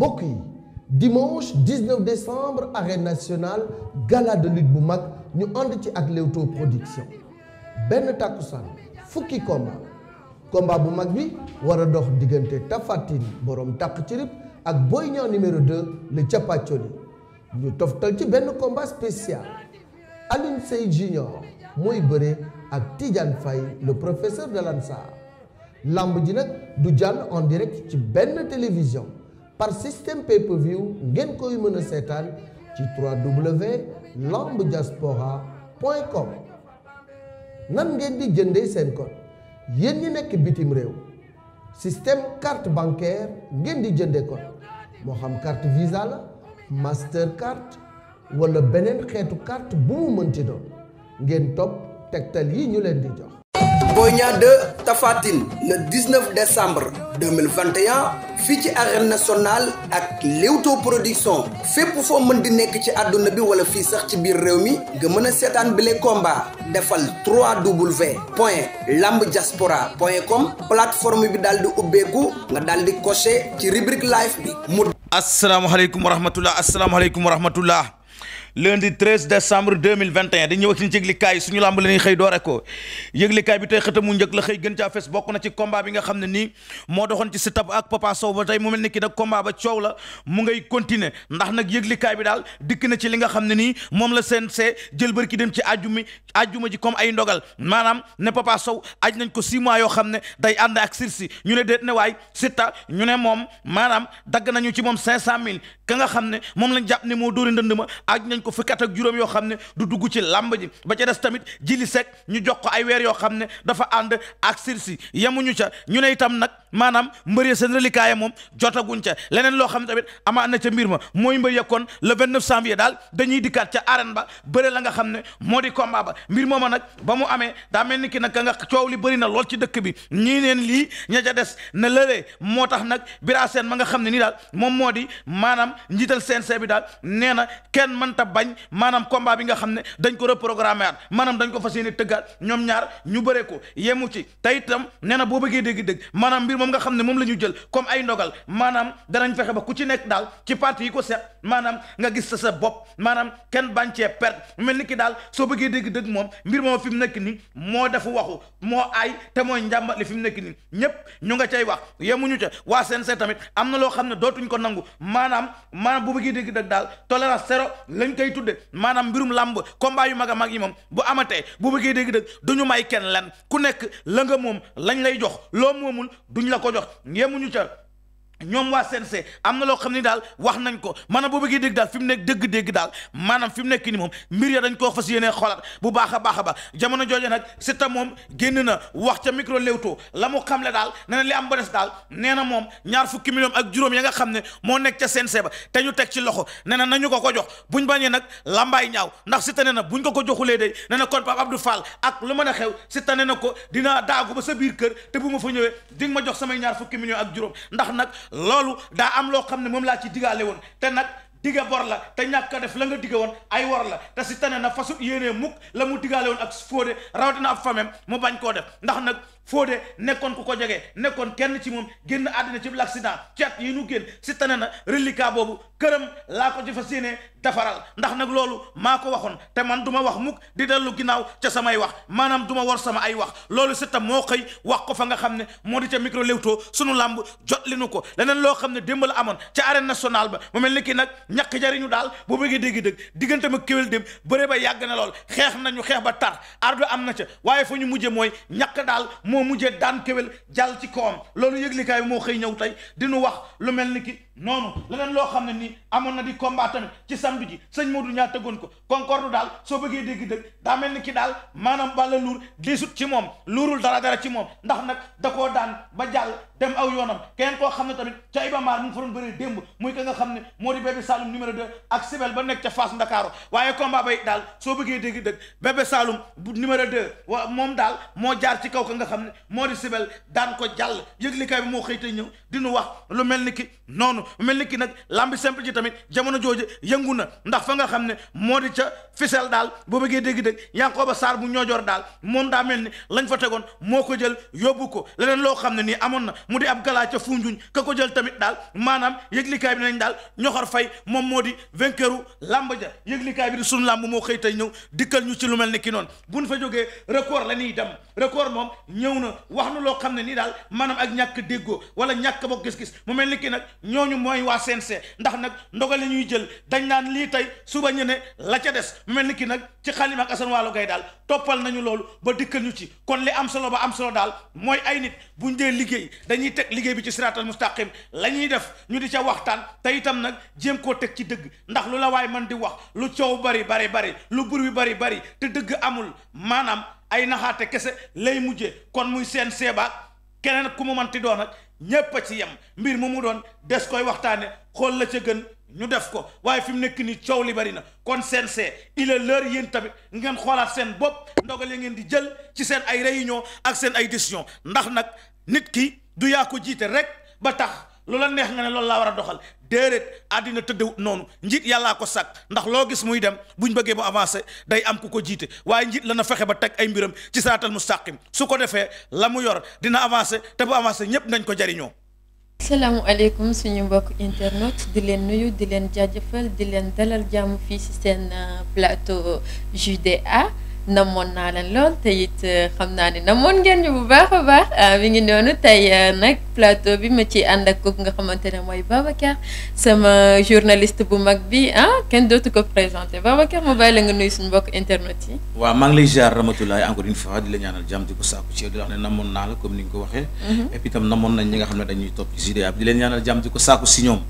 bokk yi dimanche 19 décembre arène nationale gala de lutte bu mag ñu ànd ci ak Leewtoo production benn takkusaan fukki combat combat bu mag bi war a dox diggante Tapha Tine borom takk ci ak Boy Niang numéro 2 le capacholi ñu toftal ci benn combat spécial Alioune Seye Junior mooy bëre ak Tidiane fay le professeur de l'Ansar làmb ji nag du jàll en direct ci benn télévision par système pay-per-view ngeen koy mën a seetaan ci 3w lambdiaspora.com nan ngeen di jëndee seen cot yéen ñi nekk bitim réew système carte bancaire ngeen di jëndee code moo xam carte visa la mastercard wala beneen xeetu carte bu mu mënti doon ngeen topp tegtal yi ñu leen di jox. Boy Niang 2 Tapha Tine le 19 décembre fii ci arène nationale ak Leewtoo production fépp foo mën di nekk ci àdduna bi wala fii sax ci biir réew mi nga mën a seetaan bile combat defal 3W point lamb diaspora point com plateforme bi daal di ubbeeku nga daal di coché ci rubrique live bi mu. asalaamaaleykum wa rahmatulah asalaamaaleykum wa rahmatulah. lundi tres décembre 2021 dañ ñëw ak ci yëglikaay suñu làmb la ñuy xëy doore ko yëglikaay bi tey xëtamu njëkk la xëy gën caa fes na ci combat bi nga xam ne nii moo doxoon ci Siteu ak Papa Sow ba tey mu mel ni ki nag combat ba coow la mu ngay continuer ndax nag yëglikaay bi daal dikk na ci li nga xam ne nii moom la CNG jël bër ki dem ci àjjuma àjjuma ji comme ay ndogal maanaam ne Papa Sow aj nañ ko 6 mois yoo xam ne day ànd ak sursis ñu ne déet ne waay Siteu ñu ne moom maanaam dagg nañu ci moom 500000 ka nga xam ne moom lañ moo dóori ko fukki ak juróom yoo xam ne du dugg ci làmb ji ba ca des tamit jili sek ñu jox ko ay weer yoo xam ne dafa ànd ak sirsi yemuñu ca ñu ne itam nag maanaam mbër ya seen relikaaya moom jotaguñ ca leneen loo xam ne tamit amaa na ca mbir ma mooy mbër ya kon vint 29 janvier daal dañuy dikkaat ca arène ba bëre la nga xam ne moo di combat ba mbir moo ma nag ba mu amee daa mel ni kii nag ka nga coow li bëri na lool ci dëkk bi ñii neen lii ña ca des na lëlee moo tax nag bira seen ma nga xam ne nii daal moom moo di maanaam njiital CNC bi daal nee na kenn mënta bañ maanaam combat bi nga xam ne dañ ko reprogrammé at maanaam dañ ko fas yéene tëggaat ñoom ñaar ñu bëree ko yemu ci tey itam nee na boo bëggee dégg-dégg maanaam mbir moom nga xam ne moom la ñu jël comme ay ndogal maanaam danañ fexe ba ku ci nekk daal ci parti yi ko seet maanaam nga gis sa sa bopp maanaam kenn bàncee perte mel ni ki daal soo bëggee dégg dëgg moom mbir moom fi mu nekk nii moo dafa waxu moo aay te mooy njàmbat li fi mu nekk nii ñépp ñu nga cay wax yemuñu ca waa CNG tamit am na loo xam ne dootuñ ko nangu maanaam maanaam bu bëggee dégg dëgg daal tolérance zéro lañ koy tudde maanaam mbirum làmb combat yu mag a mag yi moom bu ama amatee bu bëggee dégg dëgg duñu may kenn lan ku nekk la moom lañ lay jox loo moomul duñ la ko jox yemuñu ca ñoom waa CNG am na loo xam ni daal wax nañ ko maanaam boo bëggee dégg daal fi mu nekk dégg dégg daal maanaam fi mu nekk ni moom mbir ya dañ koo fas yéenee xoolaat bu baaxa a baax a baax jamono jooju nag Siteu moom génn na wax ca micro Leewtoo la mu xamle daal na li am ba des daal nee na moom ñaar fukki million ak juróom ya nga xam ne moo nekk ca CNG te ñu teg ci loxo nee na nañu ko ko jox buñ bañee nag lambaay ñaaw ndax Siteu nee na buñ ko ko joxulee day nee na kon Pape Abdou Fall ak lu mën a xew Siteu nee na ko dinaa daagu ba sa biir kër te bu ma fa ñëwee di ma jox samay ñaar fukki million ak juróom ndax nag loolu daa am loo xam ne moom laa ci digaale woon te nag digga bor la te ñàkk def la nga digga woon ay wor la te si tane na fasut yéenee mukk la mu digaale woon ak Fodé rawatina ab famem mu bañ koo def ndax nag Fodé nekkoon ku ko jege nekkoon kenn ci moom génn àddina ci l'accident ci at yi nu génn si tane na reliquat boobu këram laa ko jëfa fas yéene dafaral ndax nag loolu maa ko waxoon te man duma wax mukk di dellu ginnaaw ca samay wax maanaam duma ma war sama ay wax loolu si tam moo xëy wax ko fa nga xam ne moo di ca micro Leewtoo sunu làmb jot li nu ko leneen loo xam ne démb amoon ca arène nationale ba mu mel ni kii nag ñàkk jariñu daal bu bëggee dégg dëgg diggante ma kéwél dem bëre ba yàgg na lool xeex nañu xeex ba tar ardo am na ca waaye fu ñu mujje mooy ñàkk daal moo mujjee daan kéwél jàll ci kawam loolu yëglikaay bi moo xëy ñëw tey dinu wax lu mel ni ki noonu leneen loo xam ne ni amoon na di combat tamit ci samedi ji sëñ Modou ñaa tëggoon ko concorde daal soo bëggee dégg dëgg daa mel ni ki daal maanaam Balla Lour diisut ci moom luurul dara dara ci moom ndax nag da koo daan ba jàll dem aw yoonam keneen koo xam ne tamit ca Iba Mar mu ngi fa doon bëree démb nga xam ne moo di bébé Saloum numéro 2 ak Sibel ba nekk ca Fass Ndakaaru waaye combat bay daal soo bëggee dégg dëgg bébé Saloum bu numéro 2 wa moom daal moo jaar ci kaw ka nga xam ne moo di Sibel daan ko jàll yëgle kaay bi moo xëy tey ñëw dinu wax lu mel ni ki noonu mel ni ki nag lambi simple ji tamit jamono jooju yëngu na ndax fa nga xam ne moo di ca Fissel daal boo bëggee dégg-dégg Yankoba saar bu ñoojoor daal moom daa mel ni lañ fa tegoon moo ko jël yóbbu ko leneen loo xam ne nii amoon na mu di ab galaa ca Foundiougne ka ko jël tamit daal maanam yëglikaay bi nañ daal ñoxor fay moom moo di vainqueuru lamb ja yëglikaay bi di sunu lamb moo xëy tey ñëw dikkal ñu ci lu mel ni ki noonu buñ fa jógee record la ñuy dem record moom ñëw na wax nu loo xam ne nii daal maanaam ak ñàkk déggoo wala ñàkk bokk gis-gis ñooñu mooy waa CNC ndax nag ndogal la ñuy jël dañ naan lii tey suba ñu ne la ca des mel ni ki nag ci xalima ak Assane Waalo Gaye daal toppal nañu loolu ba dikkal ñu ci kon li am solo ba am solo daal mooy ay nit buñ dee liggéey dañuy teg liggéey bi ci siraatal mustaqim la ñuy def ñu di ca waxtaan te itam nag jéem koo teg ci dëgg ndax lu la waay mën di wax lu coow bari bari bari lu bur bi bari bari te dëgg amul maanaam ay naxaate kese lay mujje kon muy seen seebaak keneen ku mu manti doon nag ñépp a ci yem mbir mu mu doon des koy waxtaane xool la ca gën ñu def ko waaye fi mu nekk nii coow li bari na kon CNG il est l'heure yéen tamit ngeen xoolaat seen bopp ndogal ya ngeen di jël ci seen ay réunion ak seen ay décision ndax nag nit ki du yaa ko jiite rek ba tax loola neex nga ne loolu laa war a doxal déedéet àddina tëdd noonu njiit yàllaa ko sàkk ndax loo gis muy dem buñ bëggee bu avancé day am ku ko jiite waaye njiit la na fexe ba teg ay mbiram ci saatal mu mustaqim su ko defee la mu yor dina avancé te bu avancé ñépp nañ ko jariñoo salaamualeykum suñu mbokk internet di leen nuyu di leen jaajëfal di leen dalal jàmm fii ci seen euh, plateau JDA namoon naa leen lool te it euh, xam naa ne namoon ngeen ñu bu baax a baax euh, mi ngi noonu tey euh, nag plateau bi ma ci ànd ak kooku nga xamante ne mooy Babacar sama journaliste bu mag bi ah kenn dootu ko présenté Babacar ma bàyyi la nga nuyu suñu mbokk internet yi. waaw maa ngi lay ziar Ramatoulaye encore une fois di la ñaanal jàmm di ko sàkku ci yow di namoon naa la comme ni nga ko waxee. Mhm. et puis itam namoon nañ nga xam ne dañuy topp ci GDA bi di leen ñaanal jàmm di ko sàkku si ñoom.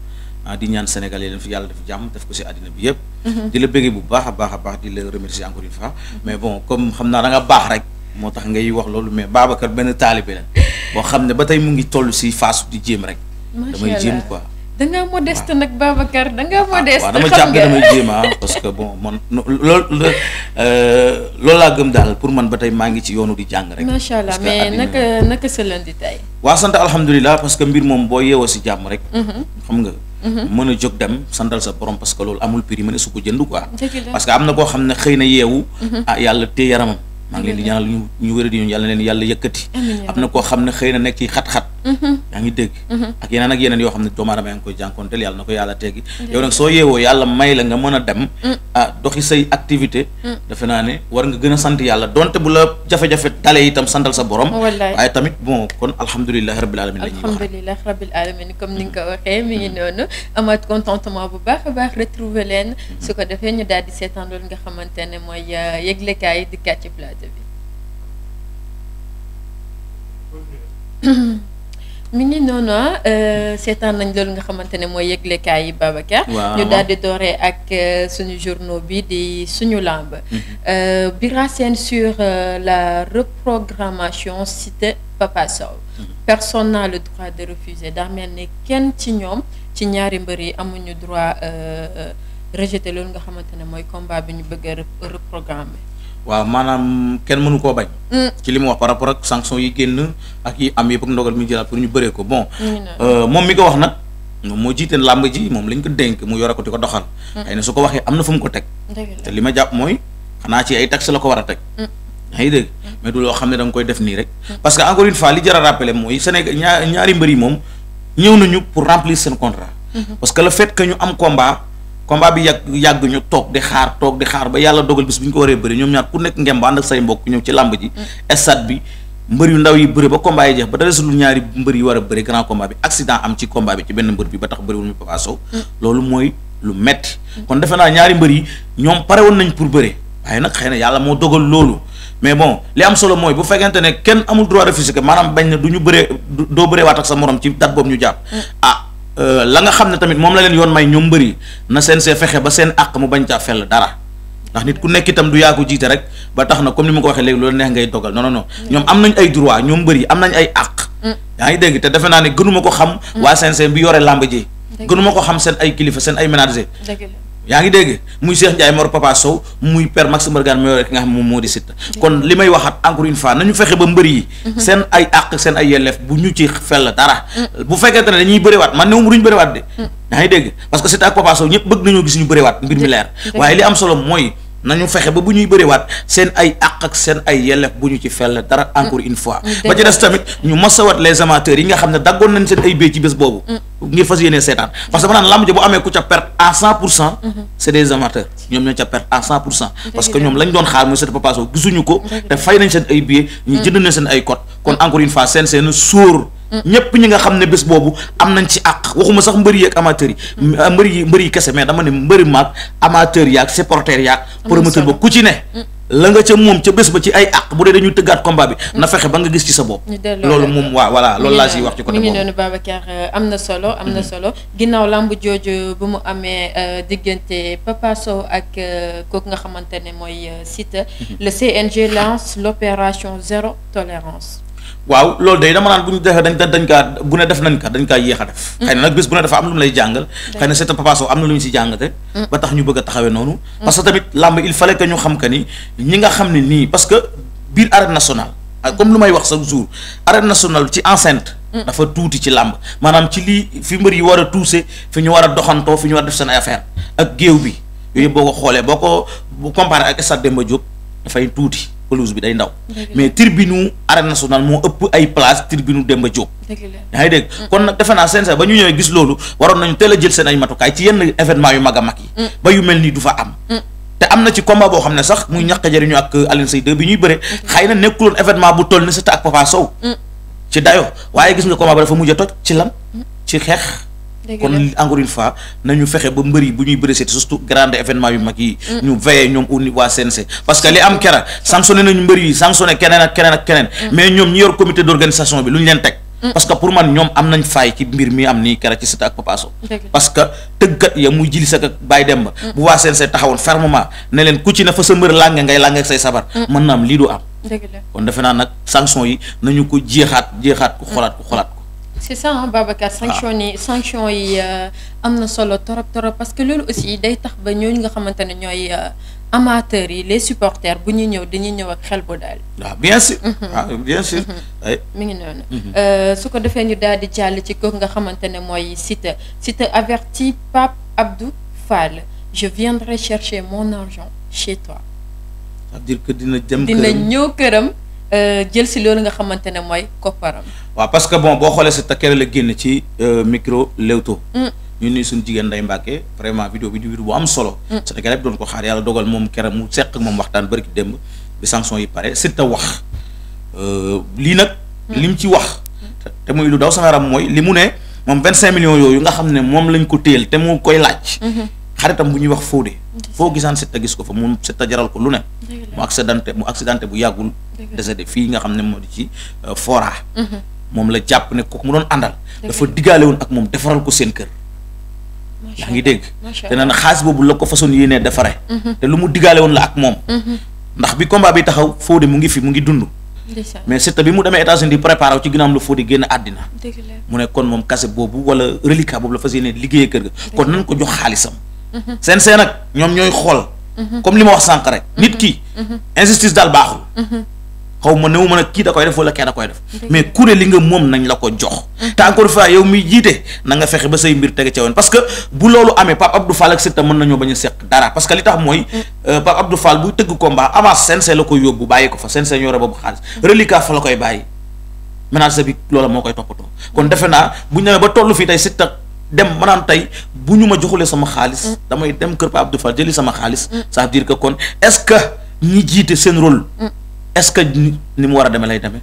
Ah, di ñaan Sénégalais leen fi yàlla def jàmm def ko si àddina bi yëpp mm-hmm. di la bëggee bu baax a baax a baax di la remercier encore une fois mm-hmm. mais bon comme xam naa da nga baax rek moo tax ngay wax loolu mais Babacar boo xam ne ba tey mu ngi toll si phase di jéem rek damay jéem quoi da ngaa modeste nag Babacar da ngaa ah, modeste waaw dama jàpp damay jéem ah parce que bon man loolu euh, loolu laa gëm daal pour man ba tey maa ngi ci yoonu di jàng rek macha allah mais naka naka sa lundi tey waa sant alhamdulilah parce que mbir moom boo yeewoo si jàmm rek mm-hmm. xam nga Mm-hmm. mën a jóg dem santal sa borom parce que loolu amul prix mën a su ko jënd quoi parce que am na koo xam ne xëy na yeewu mm-hmm. ah yàlla téye yaramam maa ngi ñaanal ñu ñu wér di ñu yàlla leen yàlla yëkkati am na koo xam ne xëy na nekk ci xat-xat yaa ngi dégg mhm. ak yeneen ak yeneen yoo xam ne doomu aadama yaa ngi koy jànkonteel yàlla na ko yàlla teggi yow nag soo yeewoo yàlla may la nga mën a dem ah doxi say activité mm. defe naa ne war nga gën a sant yàlla donte bu la jafe-jafe dalee itam santal sa borom waaye tamit bon kon alhamdulilahi rabil alamin la ñuy wax alhamdulilah rabil alamin comme ni nga ko waxee mi ngi noonu amaat contentement bu baax a baax retrouver leen mm-hmm. su ko defee ñu daal di seetaan loolu nga xamante ne mooy euh, yëglekaay yi dikkaat ci plateau bi mi ngi noonu euh, seetaan nañ loolu nga xamante ne mooy yëglekaay yi Babacar. ñu daal di dooree ak euh, suñu journaux bi di suñu làmb. Mm-hmm. Euh, Bira Sène sur la reprogrammation cité Papa Sow. Mm-hmm. personne n'a le droit de refuser daa mel ni kenn ci ñoom ci ñaari mbër yi amuñu droit rejeter loolu nga xamante ne mooy combat bi ñu bëgg a reprogrammer. waaw maanaam kenn mënu koo bañ. Mm. ci li mu wax par rapport ak sanction yi génn ak yi am yëpp ak ndogal mi jëlaat pour ñu bëree ko bon. Mm, euh, moom mi ko wax nag moom moo jiite làmb ji moom lañ ko dénk mu yore ko di ko doxal. Mm. xëy na su ko waxee am na fu mu ko teg. te li ma jàpp mooy xanaa ci ay taxes la ko war a teg. yaa loo xam ne da koy def nii rek. parce que encore une fois li jar a rappelé mooy Sénégal ñaar ñaari mbër yi moom ñëw nañu pour remplir seen contrat. Mm-hmm. parce que le fait que ñu am combat. combat bi yàgg yàgg ñu toog di xaar toog di xaar ba yàlla dogal bis bu ñu ko waree bëri ñoom ñaar ku nekk ngemb ànd ak say mbokk ñëw ci làmb ji mm. stade bi mbër yu ndaw yi bëri ba combat yi jeex ba dara sulul ñaari mbër yi war a bëri grand combat bi accident am ci combat bi ci benn mbër bi ba tax bëriwul ñu Papa Sow mm. loolu mooy lu metti mm. kon defe naa ñaari mbër yi ñoom pare woon nañ pour bëre waaye nag xëy na yàlla moo dogal loolu mais bon li am solo mooy bu fekkente ne kenn amul droit de physique maanaam bañ na du ñu bëre doo bëree waat ak sa morom ci date boobu ñu jàpp ah, Euh, la nga xam ne tamit moom la leen yoon may ñoom mbëri na seen see fexe ba seen àq mu bañ caa fell dara ndax nit ku nekk itam du yaa jiite rek ba tax na comme ni ma ko waxee léegi loolu neex ngay dogal non non non mm. ñoom am nañ ay droit ñoom mbëri am nañ ay àq. Mm. yaa ngi dégg te defe naa ne gënuma ko xam. Mm. waa CNG bi yore làmb ji. gënuma ko xam seen ay kilifa seen ay ménager yaa ngi dégg muy Cheikh Ndiaye Mor Papa Sow muy père Max Mbargane mooy rek nga xam moom moo di Siteu kon li may waxaat encore une fois nañu fexe ba mbër yi mhm. seen ay àq seen ay yelleef bu ñu ci fell dara mm. bu fekkente ne dañuy bëriwaat man ne moom duñu bëriwaat de mm. yaa ngi dégg parce que Siteu ak Papa Sow ñëpp bëgg nañoo gis ñu bëriwaat mbir mi leer waaye li am solo mooy nañu fexe ba bu ñuy bëriwaat seen ay àq ak seen ay yelleef bu ñu ci fell dara encore une fois mm. Mm. ba ci des tamit ñu masawat les amateurs yi nga xam ne daggoon nañ seen ay béy ci bés boobu mm. ngir fas yéenee seetaan parce que ma naan lamb bu amee ku ca perte a cent pour cent mm-hmm. c' est des amateurs ñoom ñoo ca perte a cent pour cent mm-hmm. parce que ñoom lañ doon xaar muy seen Papa gisuñu ko mm-hmm. te fay nañ seen ay billets ñu jënd nañ seen ay cote kon encore une fois seen seen ñëpp ñi nga xam ne bés boobu am nañ ci àq waxuma sax mbëri yi ak amateurs yi mm. mbëri yi mbëri yi kese mais dama ne mbëri maag amateurs yaag supporters yaag promoteur ba ku ci ne mm. la nga ca moom ca bés ba ci ay àq bu dee dañuy tëggaat combat bi mm. na fexe ba nga gis ci sa bopp loolu moom waa voilà loolu laa siy wax ci côté boobu mi ngi noonu Babacar euh, na solo am na mm-hmm. solo ginnaaw làmb jooju bu mu amee euh, diggante papaso Sow ak euh, kooku nga xamante ne mooy Siteu mm-hmm. le CNG lance l'opération zéro tolérance waaw loolu day dama naan bu ñu defee dañ dañ kaa bu ne def nañ ka dañ kaa yéex a def mm. xëy na nag bis bu ne dafa am lu mu lay jàngal xëy na c'est Papa Sow am na lu ñu si jàngate mm. ba tax ñu bëgg a taxawee noonu mm. parce que tamit làmb il fallait que ñu xam que ni ñi nga xam ne nii parce que biir arène nationale ah, comme lu may wax sa jour arène national ci enceinte dafa tuuti ci làmb maanaam ci lii fi mbër yi war a tuuse fi ñu war a doxantoo fi ñu war a def seen affaire ak géew bi yooyu boo ko xoolee boo ko comparé ak stade Demba Diop dafay tuuti pelouse bi day ndaw mais tribune arène nationale moo ëpp ay place tribune Demba Diop yaa ngi dégg mm. kon nag defe naa seen sa ba ñu ñëwee gis loolu waroon nañu teel a jël seen ay matukaay ci yenn événement yu mag a mag yi mm. ba yu mel nii du fa am mm. te am na ci combat boo xam ne sax muy ñàkk jariñu ak euh, Alioune Seye bi ñuy bëre xëy na nekkuloon événement bu toll ni Siteu ak Papa Sow ci dayo waaye gis nga combat ba dafa mujj a toj ci lan ci xeex kon encore une fois nañu fexe ba mbër yi bu ñuy bëri seeti surtout grand événement yu mag yi. Mm. ñu veillé ñoom au niveau waa CNC. parce que li am kera sanctionné nañu mbër yi sanctionné keneen keneen ak keneen. Mm. mais ñoom ñi yor comité d' bi lu ñu leen teg. Mm. parce que pour man ñoom am nañ faay ci mbir mi am nii kera ci Siteu ak Papa parce que tëggat ya muy jili sak ak Baye Demba bu waa CNC taxawoon fermement ne leen ku ci ne fa sa mbër lànge ko jeexaat jeexaat ku c'est ça ah Babacar sanction yi sanction euh, am na solo torop torop parce que loolu aussi day tax ba ñooñu nga xamante ne ñooy euh, amateurs yi les supporters bu ñuy ñëw dañuy ñëw ak xel bu daal. waaw bien sûr. ah bien sûr. Mhm. Ah, mhm. mi ngi noonu. Mhm. Euh, su ko defee ñu daal di jàll ci kook nga xamante ne mooy Siteu Siteu averti Pape Abdou Fall je viendrai chercher mon argent chez toi. c'est-à-dire que dina jëm këram dina ñëw këram. Euh, jël si loolu nga xamante ne mooy kopparam. waaw parce que bon boo xoolee sa takkere la génn ci euh, micro Leewtoo. Mm. ñu nuyu suñu jigéen Ndeye Mbacke vraiment vidéo bi di vidéo bu am solo. Mm. Sénégalais bi doon ko xaar yàlla dogal moom keroog mu seq ak moom waxtaan bari ki démb bi sanction yi pare Siteu wax euh, lii nag. Mm. lim ci wax. te muy lu daw sa yaram mooy li mu ne moom 25 million yooyu nga xam ne moom lañ ko téel te mu koy laaj. Mm-hmm. xaritam bu ñuy wax Fodé foo gisaan Siteu gis ko fa moom Siteu jaral ko lu ne mu accidenté mu accidenté bu yàggul décédé fii nga xam ne moo di ci euh, fora mhm. moom la jàpp ne kooku mu doon àndal dafa diggaale woon ak moom defaral ko seen kër yaa ngi dégg te naan xaalis boobu la ko façon yéenee defare mhm. te lu mu diggaale woon la ak moom mhm. ndax bi combat bi taxaw Fodé mu ngi fi mu ngi dund mais Siteu bi mu demee États-Unis di préparé wu ci ginnaaw am la Fodé génn àddina mu ne kon CNG nag ñoom ñooy xool. comme li ma wax sànq rek. nit ki. injustice daal baaxul. xaw ma néew ma nag kii da koy def wala kee koy def. mais kuréel li nga moom nañ la ko jox. te encore une fois jiite na fexe ba say mbir tege ca woon parce que bu loolu amee Pape Abdou Fall ak Siteu mën nañoo bañ a seq dara parce que li tax mooy. Euh, Pape Abdou Fall buy tëgg combat avance CNG la koy yóbbu bàyyi ko fa CNG ñoo boobu xaalis mm-hmm. reliquat fa la koy bàyyi. ménage dem naa tey bu ñu ma joxulee sama xaalis. Mm. damay dem kër Pa Abdou Fall jëli sama xaalis. Mm. ça veut dire que kon est-ce que ñi jiite seen rôle. Mm. est-ce que ni mu war a demee lay demee.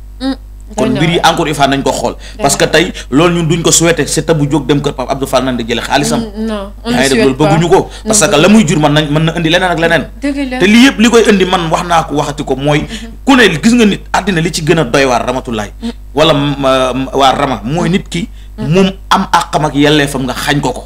kon mbir yi encore une nañ ko xool. parce que tey loolu ñun duñ ko souhaité c'est bu jóg dem kër Pape Abdou Fall nan di jëlee xaalisam. non on ne bëgguñu ko. parce que la muy jur man nañ mën na indi leneen ak leneen. te lii yëpp li koy indi man wax naa ko waxati ko mooy. Mm-hmm. ku ne gis nga nit àddina li ci gën doy waar ramatulaay. wala euh, waa rama mooy nit ki moom am àqam ak yelleefam nga xañ ko ko.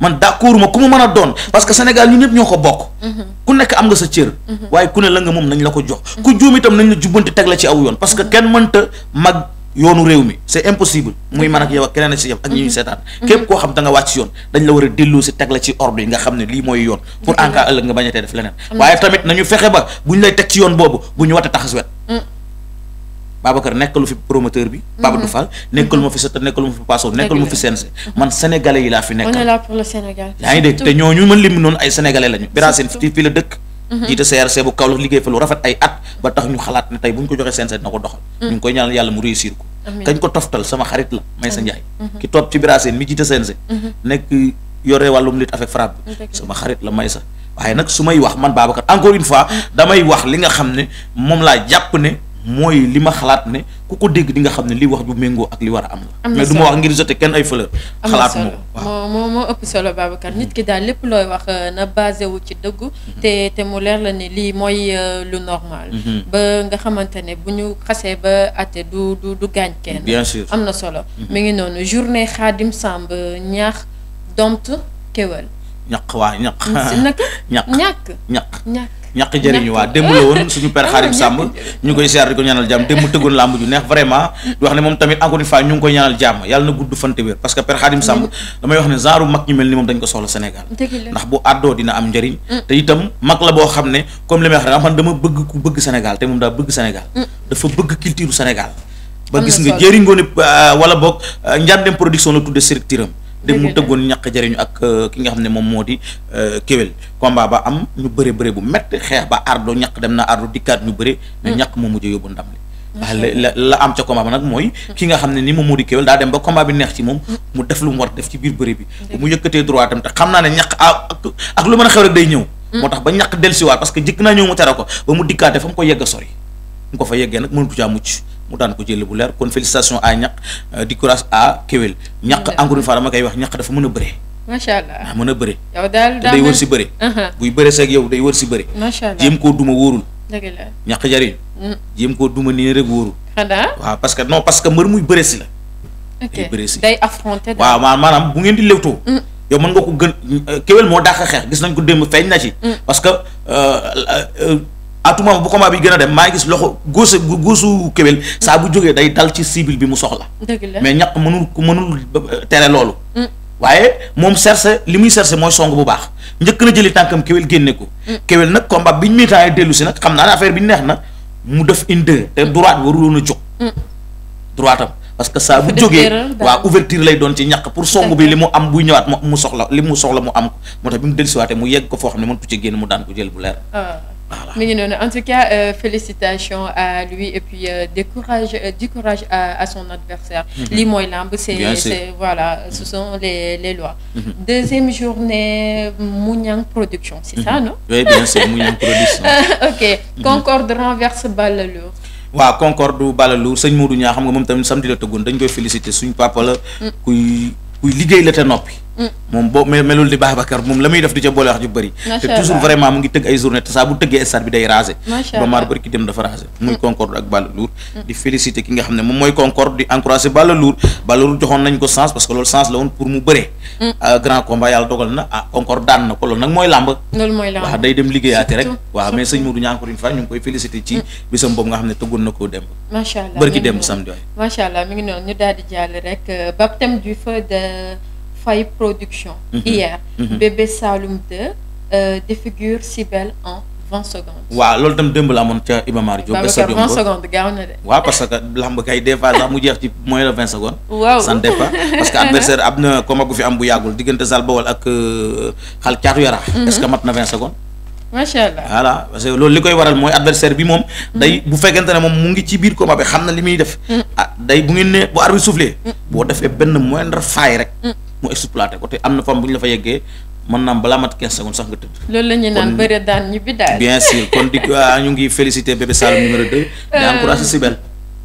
man d'accord ma ku mu mën a doon parce que Sénégal ñun ñëpp ñoo ko bokk. Mhm. ku nekk am nga sa cër. Mhm. waaye ku ne la nga moom nañ la ko jox. Mhm. ku juum itam nañ la jubbanti teg ci aw yoon parce que kenn mënta mag yoonu réew mi c'est impossible muy man ak yow ak keneen ak si yow ak ñi seetaan. képp koo xam da nga wàcc yoon dañ la war a delloo si ci ordre yi nga xam ne lii mooy yoon. pour en ëllëg nga bañ a Babacar nekkalu fi promoteur bi. Mhm. Pape Abdou Fall nekkalu ma fi Seta nekkalu ma fi ma fi CNG. man sénégalais yi laa fi nekkal. on est là pour le Sénégal. yaa ngi dégg te ñooñu man lim noonu ay sénégalais lañu. Bira Sène la dëkk. Mhm. jiite CRC bu Kaolack liggéey fa rafet ay at ba tax ñu xalaat ne tey bu ñu ko joxee CNG dina ko doxal. Mhm. ñu ngi koy ñaanal yàlla mu réussir ko. kañ ko toftal sama xarit la Maysa Ndiaye. ki topp ci Bira mi jiite CNG. nekk yore wàllum lutte avec frappe bi sama xarit la Maysa waaye ne mooy li ma xalaat ne ku ko dégg di nga xam ne li wax ju méngoo ak li war a am la mais du wax ngir jote kenn ay fleur xalaat moo moo ëpp solo Babacar nit ki daal lépp looy wax euh, na basé wu ci dëggu mhm. te te mu leer la ne lii mooy euh, lu normal mhm. ba nga xamante ne bu ñu xasee ba atte du du du gaañ kenn bien sûr am na solo mhm. mi ngi noonu journée Khadim Samb ñaax domt kéwél ñaq waa ñaq ñaq ñaq jëriñu waa démb la woon suñu père ah, Xaarim Samb ñu koy seer di ko ñaanal jàmm démb tëggoon làmb ju neex vraiment di wax ne moom tamit encore une fois ñu ngi koy ñaanal jàmm yàlla na gudd fante wér parce que père Xaarim Samb damay wax ne genre mag ñu mel ni moom dañ ko soxla Sénégal ndax bu àddoo dina am njëriñ mm. te itam mag la boo xam ne comme li may wax ne dama bëgg ku bëgg Sénégal te moom daa bëgg Sénégal mm. dafa bëgg culture Sénégal ba gis nga jëriñoo ne euh, wala boog euh, njàndem production la tudde structure am dégg mu tëggoon ñàkk jariñu ak euh, ki nga xam ne moom moo di euh, kéwél combat ba am ñu bëre bëre bu metti xeex ba ardo ñàkk dem na ardo dikkaat ñu bëre mais mm. ñàkk moo mujj yóbbu ndam li ndax la la am ca combat ba nag mooy mm. ki nga xam ne ni moom moo di kéwél daa dem ba combat bi neex ci moom mu def lu mu war def ci biir bëre bi mu yëkkatee droit tam te xam naa ne ñàkk ah, ak ak lu mën a xew rek day ñëw mm. moo tax ba ñàkk dellusiwaat parce que jëkk naa ñëw mu tere ko ba mu dikkaate fa mu ko fa yeggee nag mënatu caa mucc mu daan ko jëlee bu leer kon félicitation à ñaq euh, di courage a bëre. macha ah, a bëre. yow si bëre. Uh-huh. buy bëre seeg yow day wër si bëre. macha allah jéem koo duma wóorul. dëgg la mm. parce que non parce que mbër muy bëre si la. day bëre si bu ngeen di lewtoo. Mm. yow mën nga ko gën euh, kéwél moo dàq xeex gis nañ ko démb feeñ na ci. Mm. parce que euh, à tout moment bu combat bi gën a dem maa gis loxo góosu góosu kewel saa bu jógee day dal ci cible bi mu soxla. dëgg la mais ñàkk mënul ku mënul euh, tere loolu. Mm. waaye moom cherché li muy cherché mooy song bu baax njëkk na jëli tànkam kewel génne ko. Mm. kewel nag combat biñ miitaay dellu si nag xam naa ne affaire bi neex na mu def une deux te droite waruloon jóg. Mm. droitam parce que saa bu jógee waaw ouverture lay doon ci ñaq pour song bi li mu am bu ñëwaat mu soxla li mu soxla mu am ko moo tax bi mu dellusiwaatee mu yegg ko foo xam ne mënut ci génn mu daan ko jël bu leer. Ah. voilà mi ngi noonu en tout cas euh, à lui et puis euh, euh, à, à son adversaire mhm. lii mooy làmb c'est voilà mm -hmm. les les lois mm -hmm. deuxième journée Mouniang Production c'est mm -hmm. ça mhm. non oui bien sûr Mouniang Production mhm. Concorde renverse Balla Lourd Concorde Balla Lourd sëñ Modou ñaa xam nga moom tamit samedi la tëggoon dañ koy féliciter suñ papa la mm. kuy kuy liggéey la te noppi moom boo melul di Babacar moom la muy def du ca boole wax ju bëri te toujours vraiment mu ngi tëgg ay journée te bu tëggee stade bi day rasé ba maar bëri ki dem dafa rasé muy mm. Concorde ak Balla Lour mm. di féliciter ki nga xam ne moom mooy Concorde di encourager Balla Lour Balla Lour joxoon nañ ko sens parce que loolu sens la woon pour mu bëree mm. ah, grand combat yàlla dogal na ah Concorde daan na ko loolu nag mooy làmb waaw day dem liggéeyaate Faye Production. Mhm. hier. Mhm. Bébé Saloum 2 euh, défigure Sibel en vingt secondes. waaw loolu itam démb la amoon ca Iba Mar Diop. stade gaaw na de. waaw parce que lamb kay des fois sax mu jeex ci moins de vingt secondes. waaw ça parce que adversaire am na combat gu fi am bu yàggul diggante Sall Bawol ak xal euh, caatu yara. Mhm. est que mat na vingt secondes. macha allah voilà parce que loolu li koy waral mooy adversaire bi moom. day bu fekkente ne moom mu ngi ci biir combat i xam na li muy def. ah day bu ngeen ne bu arbitre boo defee benn moindre faille rek. moo exploité ko te am na fam bu ñu la fa yeggee mën naa balaa mat 15 secondes sax nga tëdd. loolu la ñuy naan bëre daan ñu bi daal bien sûr kon di ah, ñu ngi félicité bébé Saloum numéro 2. Euh, di encouragé Sibel.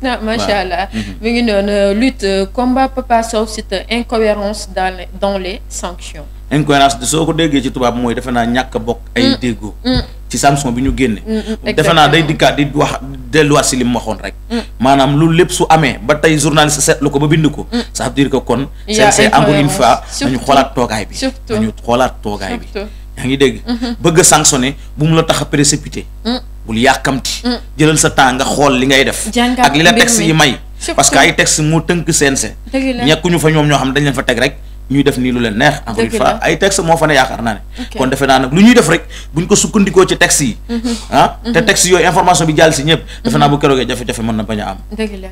ah macha allah mhm. mi ngi noonu lutte euh, combat Papa Sow c'est euh, incohérence dans les dans le sanctions. incohérence soo ko déggee ci tubaab mooy defe naa ñàkk bokk. ay mm, déggoo. Mm. ci Samson bi ñu génne. Mm, mm, defe naa day dikkaat di wax delluwaat si li mu waxoon rek. Mm. maanaam lu lépp su amee ba tey journaliste seetlu ko ba bind ko. ça veut ko que kon. yaa c'est encore une fois nañu xoolaat toogaay bi. surtout nañu xoolaat toogaay bi. yaa ngi dégg. Mm-hmm. bëgg a sanctionné bu mu la tax a précipité. bul yàkkamti. jëlal sa temps nga xool li ngay def. ak li la texte yi may. parce que ay texte moo tënk CNC. dëgg nekkuñu fa ñoom ñoo xam dañ leen fa teg rek. ñuy def nii lu leen neex encore une ay texte moo fa ne yaakaar naa ne kon defe naa nag lu ñuy def rek bu ñu ko sukkandikoo ci texte yi mhm. ah mhm. te texte yooyu information bi jàll si ñëpp mhm. defe naa bu keroogee jafe-jafe mën na bañ a am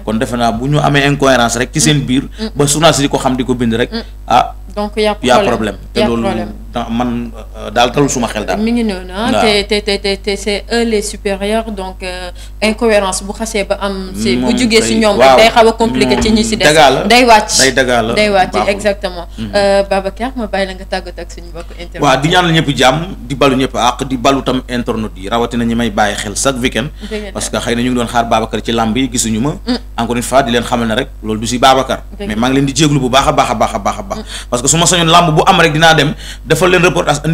kon defe naa bu ñu amee incohérence rek ci seen biir ba journaliste di ko xam di ko bind rek ah donc y'a problème te loolu temps man euh, daal talul suma xel daal. mi ngi noonu ah te te te te c' est donc euh, incohérence bu xasee ba am. Mm, si bu jugee si ñoom. day xaw a compliqué ci ñi si mm, des. day wàcc day dagaala day wàcc exactement. Mm-hmm. Euh, Babacar ma bàyyi la nga tàggatoo ak suñu mbokku internet. di ñaan la jàmm di balu ñëpp àq di balu tam internet yi rawatina ñi may bàyyi xel chaque weekend parce que xëy na ñu ngi doon xaar Babacar ci làmb yi gisuñu ma. Mm. encore une fois di leen xamal ne rek loolu du si Babacar. mais maa ngi leen di jéglu bu baax a baax a baax a baax parce que su ma sañoon làmb bu am rek defal leen reportage a a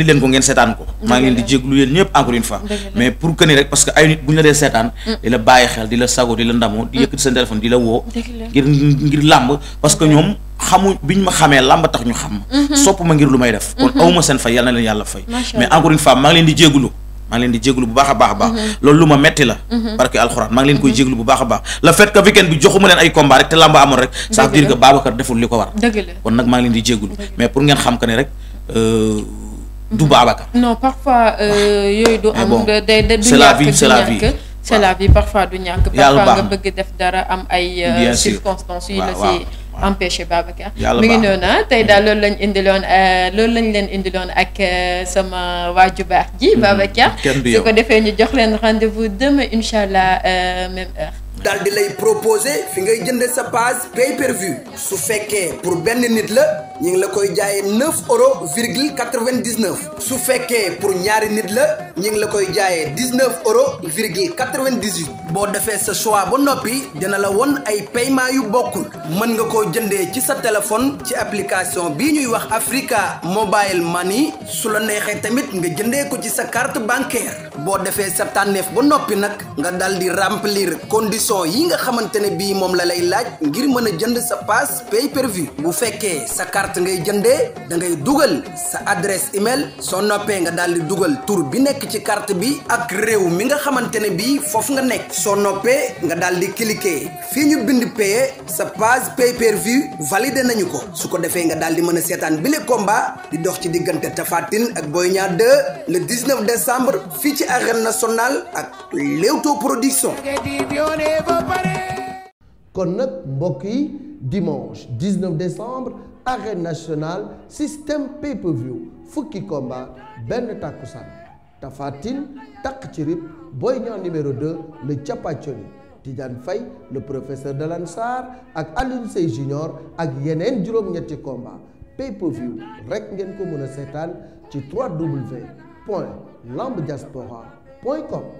mm-hmm. loolu lu ma metti la mm-hmm. barke alxuraan maa ngi leen koy mm-hmm. jéglu bu baax a baax le fait que weekend bi joxuma leen ay combat rek te làmb amoon rek ça veut dire que deful li ko war kon nag maa leen di jéglu mais pour ngeen xam que ne rek Euh, du mhm. Babacar. non parfois euh, yooyu du am. day day du ñàkk c'est la vie c'est la vie parfois du ñàkk. yàlla parfois nga bëgg def dara am ay. Euh, circonstances yu la si empêché Babacar mi ngi noonu ah tey daal loolu lañ indiloon loolu lañ leen indiloon ak sama waaju baax ji mhm. Babacar su ko defee ñu jox leen rendez-vous demain incha allah même heure daal di lay proposer fi ngay jënde sa page pay per su fekkee pour benn nit la ñu ngi la koy jaayee 9 euros virgule 99 su fekkee pour ñaari nit la ñu ngi la koy jaayee 19 euros virgule 98 boo defee sa choix ba noppi dina la won ay paiement yu bokkul mën nga koo jëndee ci sa téléphone ci application bii ñuy wax Africa Mobile Money su la neexee tamit nga jëndee ko ci sa carte bancaire boo defee sa tànneef ba noppi nag nga dal di remplir condition yi nga xamante ne bii moom la lay laaj ngir mën a jënd sa pass pay per bu fekkee sa carte ngay jëndee da ngay dugal sa adresse email soo noppee nga daal di dugal tur bi nekk ci carte bi ak réew mi nga xamante ne bii foofu nga nekk so noppee nga daal di cliquer fii ñu bind paye sa page pay per view validé nañu ko su ko defee nga daal di mën a seetaan bile combat di dox ci diggante Tapha Tine ak Boy Niang 2 le 19 décembre fii ci arène nationale ak Leewtoo production. kon nag mbokk yi dimanche 19 décembre arène nationale système pay per fukki combat benn takkusaan Tapha Tine takk ci rib. booy Niang numéro 2 le Thiapathioli Tidiane Faye le professeur de l'Ansar ak Alioune Seye Junior ak yeneen juróom-ñetti combat pay-per-view rek ngeen ko mën a seetaan ci 3W point lambdiaspora point com